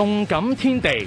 動感天地。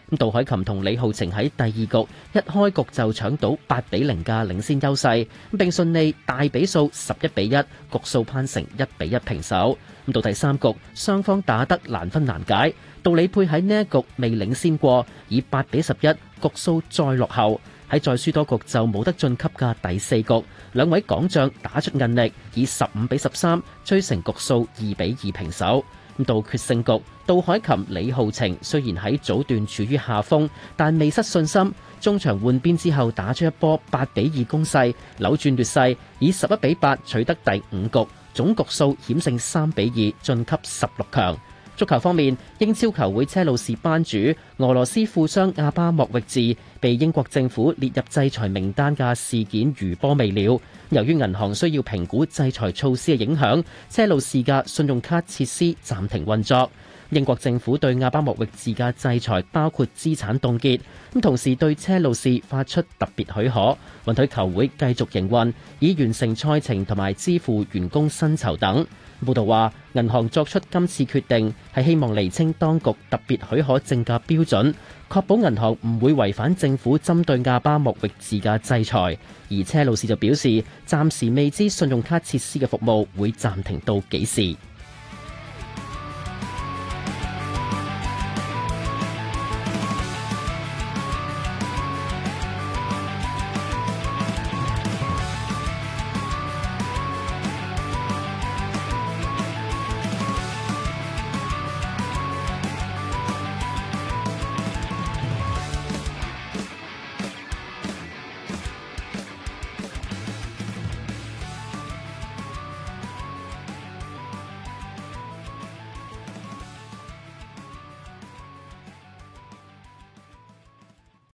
杜海琴同李浩晴喺第二局一開局就搶到八比零嘅領先優勢，並順利大比數十一比一，局數攀成一比一平手。到第三局，雙方打得難分難解，杜李配喺呢一局未領先過，以八比十一局數再落後。喺再輸多局就冇得晉級嘅第四局，兩位港將打出韌力，以十五比十三，追成局數二比二平手。到決勝局，杜海琴李浩晴雖然喺早段處於下風，但未失信心。中場換邊之後，打出一波八比二攻勢，扭轉劣勢，以十一比八取得第五局，總局數險勝三比二晉級十六強。足球方面，英超球會車路士班主俄羅斯富商阿巴莫域治被英國政府列入制裁名單嘅事件，餘波未了。由於銀行需要評估制裁措施嘅影響，車路士嘅信用卡設施暫停運作。英國政府對阿巴莫域治嘅制裁，包括資產凍結，咁同時對車路士發出特別許可，允許球會繼續營運，以完成賽程同埋支付員工薪酬等。報道話，銀行作出今次決定，係希望釐清當局特別許可證嘅標準，確保銀行唔會違反政府針對阿巴莫域治嘅制裁。而車路士就表示，暫時未知信用卡設施嘅服務會暫停到幾時。